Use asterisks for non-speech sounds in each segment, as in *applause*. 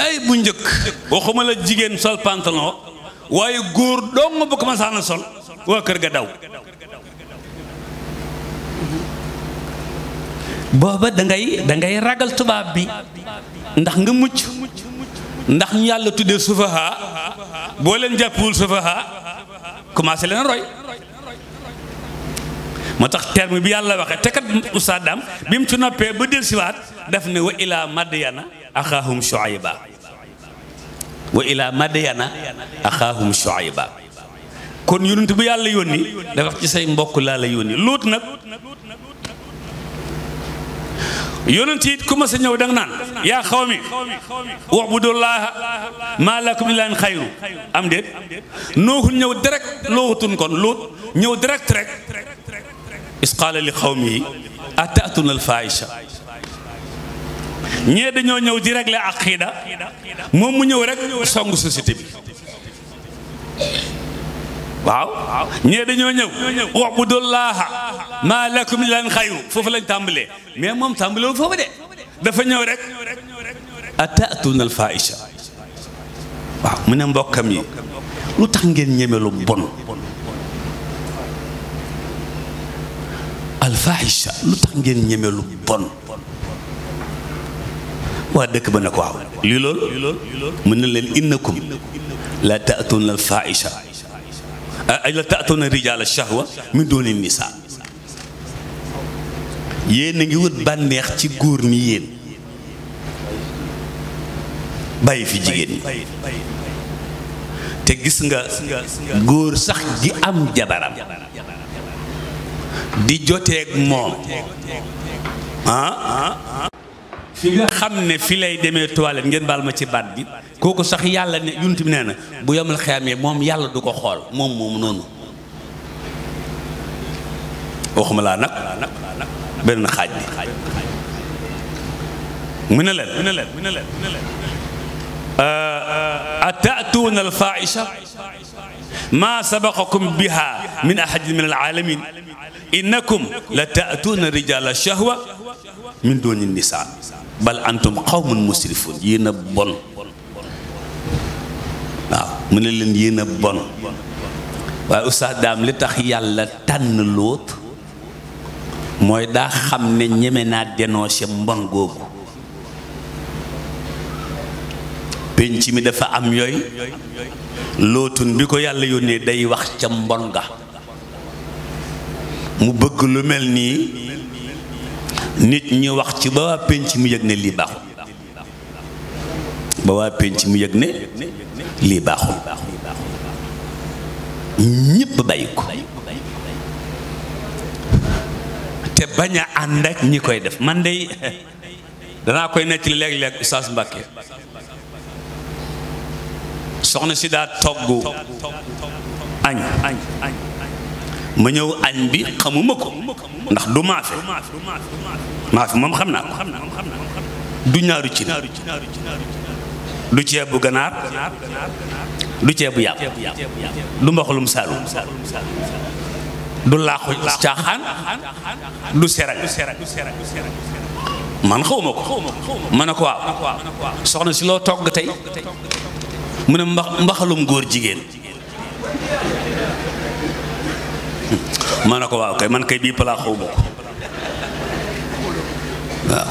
ay bu njëkk waxuma jigéen sol pantalon waaye góor dong bu commencé na sol waa kër ga daw booba da dangay ragal tubaab bi ndax nga mucc ndax ñu yàlla tuddee sufaha boo leen jàppul sufaha commencé leen roy moo tax terme bi yàlla waxee te kat ustaadam bi mu ci noppee ba siwaat daf ne wa ilaa madyana axaahum shuayba wa ila madyana axaahum shuayba kon yonent bu yàlla yónni dafa wax ci say mbokk laa la yónni luut nag yonent it ku ma sa ñëw danga naan yaa xawmi wax bu dul laaha maa lakum min ilaahin xayru am déet nooxul ñëw direct looxutun kon luut ñëw direct rek is qaala li xawmihi atatuna alfaahisha ñee dañoo ñëw di régler aqida moom mu ñëw rek song société bi waaw ñee dañoo ñëw ubudullaha ma lakum lan xayru foofu lañ tàmbalee mais moom tàmbalewul foofu de dafa ñëw rek ataatuna al faisha waaw mu ne mbokkam yi lu tax ngeen ñeme lu bon al faisha lu tax ngeen ñeme lu bon waa dëkk ba ne ko waaw lii loolu mën na leen innakum la taatuuna alfaaisha ay la taatuuna rijaal alshahwa min dooni nisaa yéen a ngi wut bànneex ci góor ni yéen bàyyi fi jigéen ñi te gis nga góor sax gi am jabaram di joteeg moom ah, ah, ah. fi nga xam ne fi lay demee toilette ngeen baal ma ci baat bi kooku sax yàlla ne yunti nee na bu yomal xiyamee moom yàlla du ko xool moom moomu noonu waxuma laa nag benn xaaj bi mu ne leen mu ne leen mu ne leen euh, atatuuna alfaaisha maa sabaqakum biha min ahadin min alaalamin innakum la taatuuna rijala shahwa min duni nisa bal antum qawmun musrifun yéen a bon waaw mu ne leen yéen a bon waaye oustaz daam li tax yàlla tànn lóot mooy daa xam ne ñeme naa dénoncé mbon googu penc mi dafa am yooy lootun bi ko yàlla yónnee day wax ca mbon ga mu bëgg lu mel nii nit ñu wax ci ba waa penc mu yëg ne lii ba waa penc mu yëg ne lii ñépp bàyyi ko te bañ a ànd ak ñi koy def man dey danaa koy nekk léeg-léeg Oustaz soxna si daa togg añ ma ñëw añ bi xamuma ko ndax du maafe maafe moom xam naa ko du ñaaru ci du ceebu ganaar du ceebu yàpp du mbaxalum saalum du laaxu caaxaan du serag man xawma ko ma ne ko waaw soxna si loo togg tey mu ne mbaxalum góor jigéen ma ne ko waaw kay man kay bii palaa xaw ma ko waaw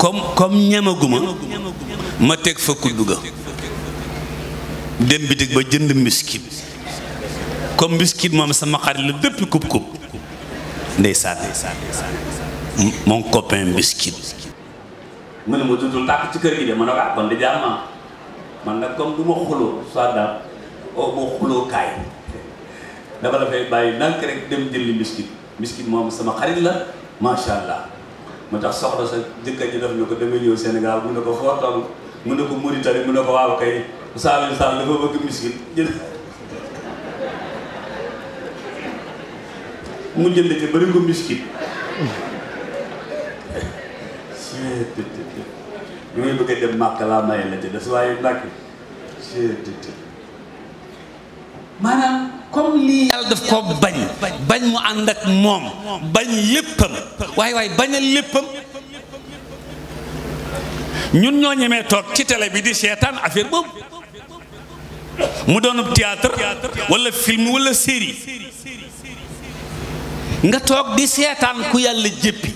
comme comme ñamaguma ma teg fa kuddu dem bitig ba jënd mbiskit comme mbiskit moom sama xarit la dëpp kub kub ndeysaan mon copain mbiskit mu ne ma tutul tàkk ci kër gi de ma ne ko ah kon di jaar man nag comme du xuloo soit daal oo boo xuloo kaay dama la fay bàyyi ndànk rek dem jëli miskit miskit moom sama xarit la macha allah moo tax soxla sa jëkkër ji daf ñu ko demee ñëw Sénégal mun na ko foo toll mun na ko Mauritanie mun na ko waaw kay Saalum Sall dafa bëgg jël *laughs* mu jënd ci ko miskit ñu *laughs* may bëgg a dem màkk laa maye la ci des waaye màkk *laughs* maanaam lii yàlla daf ko bañ bañ mu ànd ak moom bañ léppam waaye waaye bañal léppam ñun ñoo ñemee toog ci télé bi di seetaan affaire boobu mu doon théâtre walla film walla série nga toog di seetaan ku yàlla jéppi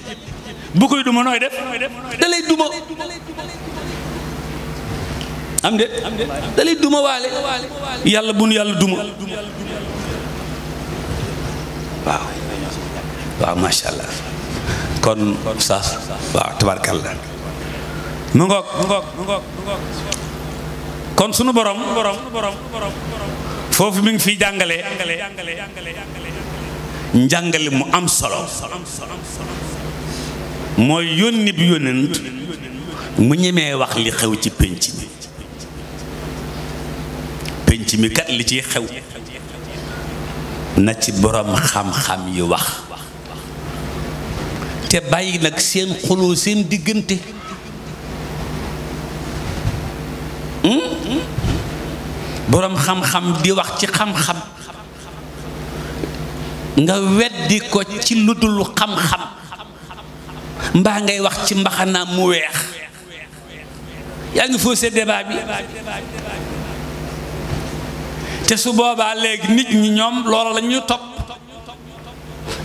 bu koy duma nooy def da duma yàlla bu nu yàlla duma waaw waaw macha allah kon saas waaw tabarkalla mu ngoog mu ngoog mu ngoog kon sunu borom borom foofu mi ngi fiy jàngale njàngale mu am solo mooy yónni bi yónnent mu ñemee wax li xew ci pénc mi pénc mi kat li ciy xew na ci boroom xam-xam yu wax te bàyyi nag seen xuloo seen diggante hmm? boroom xam-xam di wax ci xam-xam nga weddi ko ci lu dul xam-xam mbaa ngay wax ci mbaxanaam mu weex yaa ngi faussé débat bi te su boobaa léegi nit ñi ñoom loola la ñu topp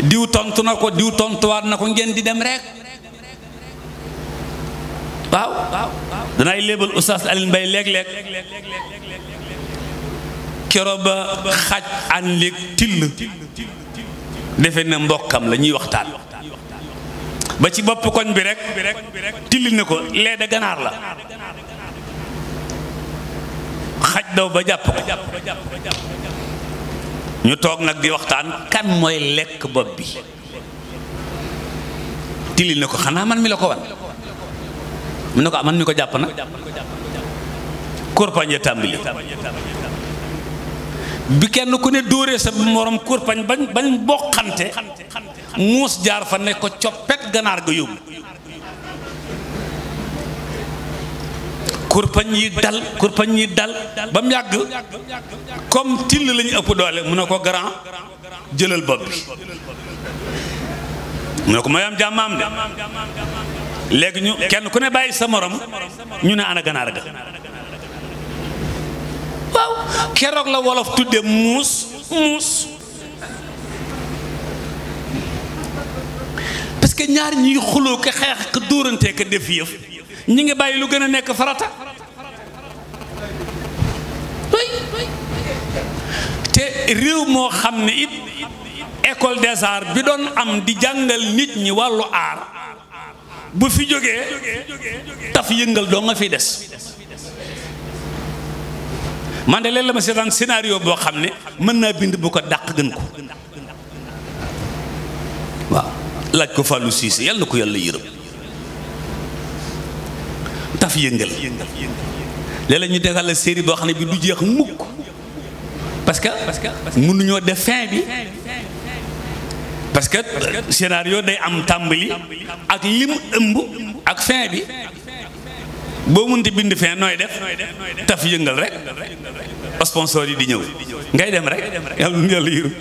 diw tontu na ko diw tontuwaat na ko ngeen di dem rek waaw danaay léebal oustaz Alioune Mbaye léeg-léeg kero ba xaj an léeg till defe na mbokkam la ñuy waxtaan ba ci bopp koñ bi rek till ne ko lee ganaar la xaj daw ba jàpp ko jàpp ñu toog nag di waxtaan kan mooy lekk bopp bi tilil na ko xanaa man mi la ko wan mu ne ko ah, man mi ko jàpp nag kurpañ ya tàmbali bi kenn ku ne dóoree sa morom kurpañ bañ bañ boqante muus jaar fa ne ko coppet ganaar ga yóbbu kurpañ yi dal kurpañ yi dal ba mu yàgg comme till lañu ñu ëpp doole mu ne ko grand jëlal bopp bi mu ne ko mooy am jàmmaam de léegi ñu kenn ku ne bàyyi sa morom ñu ne ana ganaar ga waaw keroog la wolof tudde muus muus parce que ñaar ñiy xuloo ko xeex ko dóorante ko def yëf ñi ngi bàyyi lu gën a nekk farata doy te réew moo xam ne it école des arts bi doon am di jàngal nit ñi wàllu aar bu fi jógee taf yëngal doo nga fi des man de leen la ma seetaan scénario boo xam ne mën naa bind bu ko dàq gën ko waaw laaj ko Fallou Cissé yàlla ko yàlla yërëm taf yëngal léeg-léeg ñu defal la série boo xam ne bi du jeex mukk parce que mënuñoo def fin bi parce que scénario day am tàmbali ak lim ëmb ak fin bi boo mënti bind fin nooy def taf yëngal rek sponsor yi di ñëw ngay dem rek yàlla nu yàlla yërëm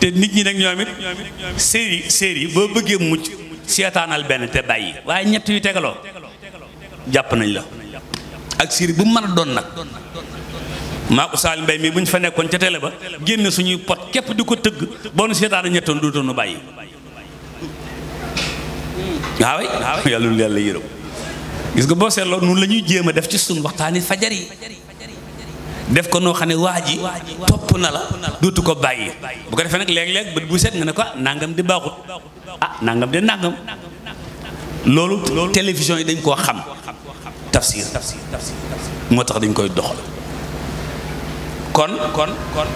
te nit ñi nag ñoom it série série boo bëggee mucc seetaanal benn te bàyyi waaye ñett yu tegaloo jàpp nañ la ak siir bu mën a doon nag maa ko Saal Mbay mi bu ñu fa nekkoon ca télé ba génn suñuy pot képp di ko tëgg boo nu seetaan ñettoon dootoon nu bàyyi waaw yàlla lu yàlla yërëm gis nga boo seetloo noonu la ñuy jéem a def ci suñ waxtaani fajar def ko noo xam ne waa ji topp na la dootu ko bàyyi bu ko defee nag léeg bët bu set nga ne ko ah, nangam di baaxut ah nangam di nangam loolu télévision yi dañ koo xam tafsir moo tax dañ koy doxal kon kon kon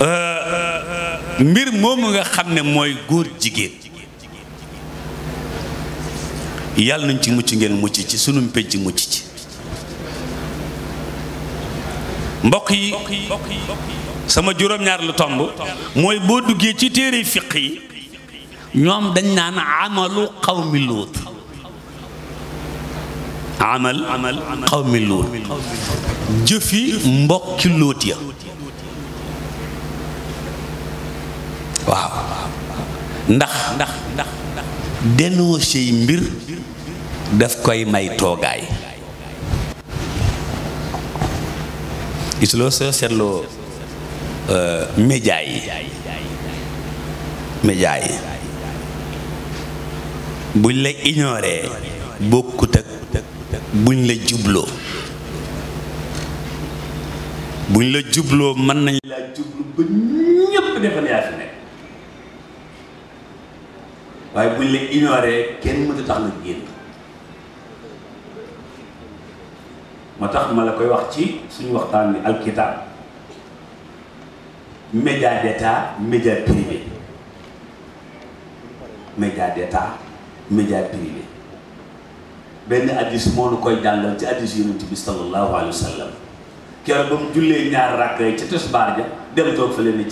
euh, euh, mbir moomu nga xam ne mooy góor jigéen yàlla nañ ci mucc ngeen mucc ci sunu mpénc mucc ci mbokk yi sama juróom-ñaar lu tomb mooy boo duggee ci téere fiq yi ñoom dañ naan amalu xawmi luut amal xawmi luut jëfi mbokki luut ya waaw ndax ndax mbir daf koy may toogaay gis loo soo seetloo euh, média yi média yi buñ la ignoré bokkut ak buñ la jubloo buñ la jubloo mën nañ laa jublu ba ñépp defa yaa fi nekk waaye buñ la ignoré kenn mënta tax nga génn moo tax ma la koy wax ci suñu waxtaan ni alkitab média d'état média privé média d'état média privé benn addis moo nu koy jàngal ci addis yonent bi sallallahu alayhi wa sallam ba mu jullee ñaar rakk yi ca tisbaar ja dem toog fa leen ni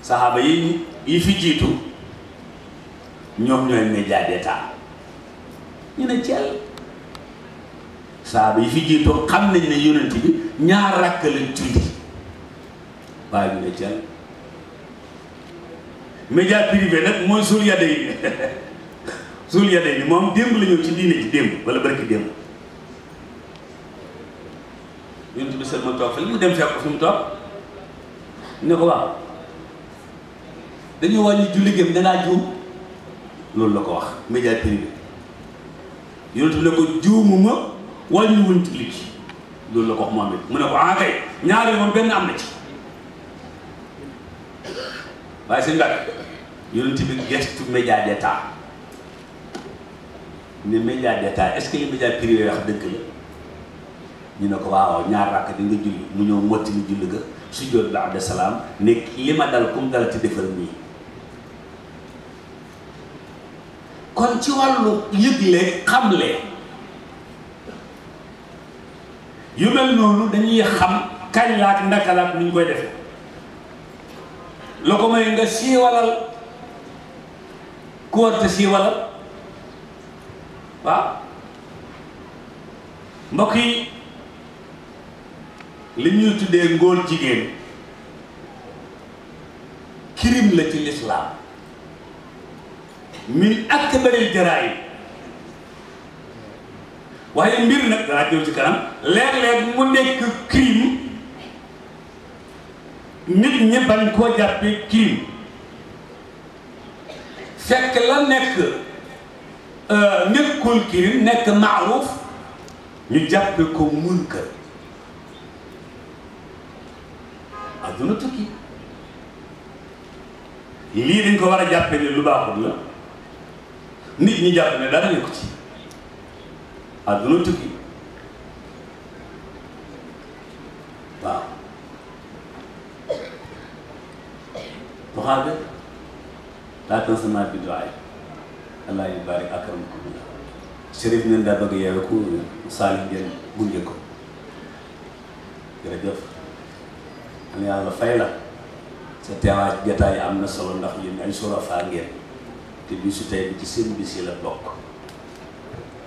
saxaaba yi yi fi jiitu ñoom ñooy média d'état ñu ne jàll saxaaba yi fi jiitu xam nañ ne yonent bi ñaar rakk lañ julli waaye ñu ne jàll média privé nag mooy suul yàdde yi suul *laughs* yàdde yi moom démb la ñëw ci diine ci démb wala barki démb yonent bi sël ma toog mu dem fekk ko mu toog ne ko waaw dañu wàññi julli gëm dangaa juum loolu la ko wax média privé yonent bi ne ko juumuma wàññi wuñ julli gi loolu la ko wax moom it mu ne ko ah kay ñaari moom benn am na ci waaye suñu bàq yonent bi gestu média d'état ne média d'état est-ce que les médias privés wax dëgg la ñu ne ko waaw ñaar rakk di nga julli mu ñëw motti li julli ga sujjóot ba abda salaam ne li ma dal kum dal ci defal kon ci wàllu yëgle xamle yu mel noonu dañuy xam kañ la ak naka la ak nu ñu koy defee lu ko may nga siiwalal ku warta siiwalal waaw mbokk yi li ñuy tuddee ngóor jigéen kirim la ci lislaam min akbaril jaraay waaye mbir nag danaa jëw kanam léeg-léeg mu nekk kirim nit ñi bañ koo jàppee kiim fekk la nekk euh, nekkul kiim nekk maaruf ñu jàppe ko munkar adduna tukki lii dañ ko war a jàppe ne lu baaxul la nit ñi jàpp ne dara nekku ci adduna tukki muhaajir laa tansamaa bi du'aay allah yu barik akramakum billah Chérif neen daa bëgg yeewe ku Saalih ngeen gunge ko jërëjëf am yàlla fay la sa teewaay jataay am na solo ndax yéen ay surafaa ngeen te bisu tey bi ci seen bis yi la bokk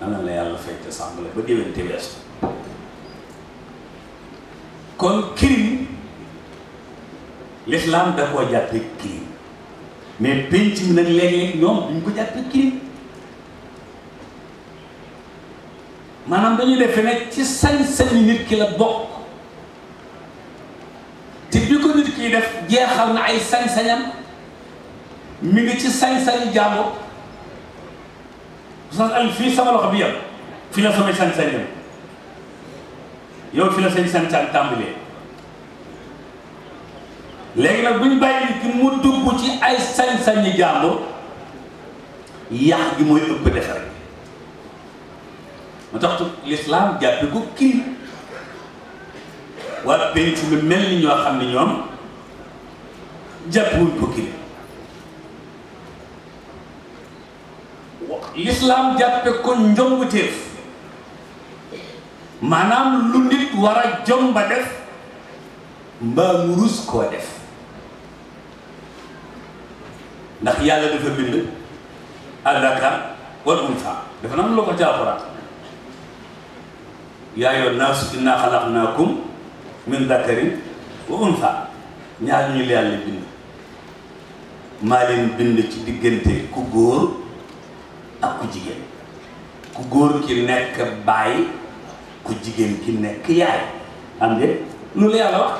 ana la yàlla fay te sàmm la ba déwén te weesu kon kirim l'islam da koo jàppee kii mais penc mi nag léeg-léeg ñoom duñ ko jàppee crime maanaam dañuy defe ne ci sañ-sañu nit ki la bokk te bi ko nit ki def jeexal na ay sañ-sañam mi ngi ci sañ-sañu jàmbur sans al fii sama loxo bi yam fi la samay sañ-sañ yow fi la sañ-sañ tàmbalee léegi nag buñ bàyyi nit ki mu dugg ci ay sañ-sañi jàmbur yàq gi mooy ëpp defar mu tax lislaam jàppe ko kii waa penc lu mel ni ñoo xam lislaam jàppe ko njombuteef maanaam lu nit war a jomba def mbaa mu rus koo def ndax yàlla dafa bind adaka wal unsa dafa na am loo ko ci alxuraan yaa ayyuhan naasu inna xalaqnaakum min dakarin wa unsa ñaar ñu la yàlla bind maa leen bind ci diggante ku góor ak ku jigéen ku góor ki nekk baay ku jigéen ki nekk yaay am lu la yàlla wax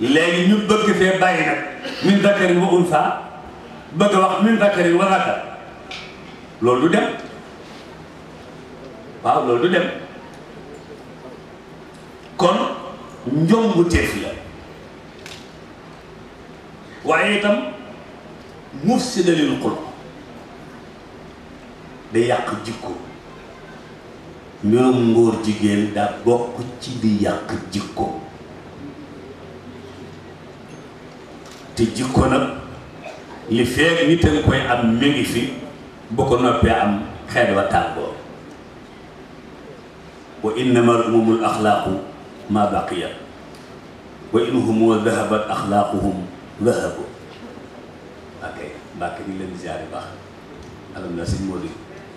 léegi ñu bëgg fee bàyyi nag min zakarin wa unsa bëgg wax min zakarin wa zakar loolu du dem waaw loolu du dem kon njombu teef la waaye itam mufsida lil ko day yàq jikko mbirum ngóor jigéen daa bokk ci di yàq jikko te jikko nag li feeg nit a koy am mi ngi fi bu ko noppee am xeet wa tàngoo wa innama al umumul axlaaqu ma baqiya wa in humu dahabat axlaaquhum dahabu ok mbàkke ni leen ziyaare baax alam na sëñ moo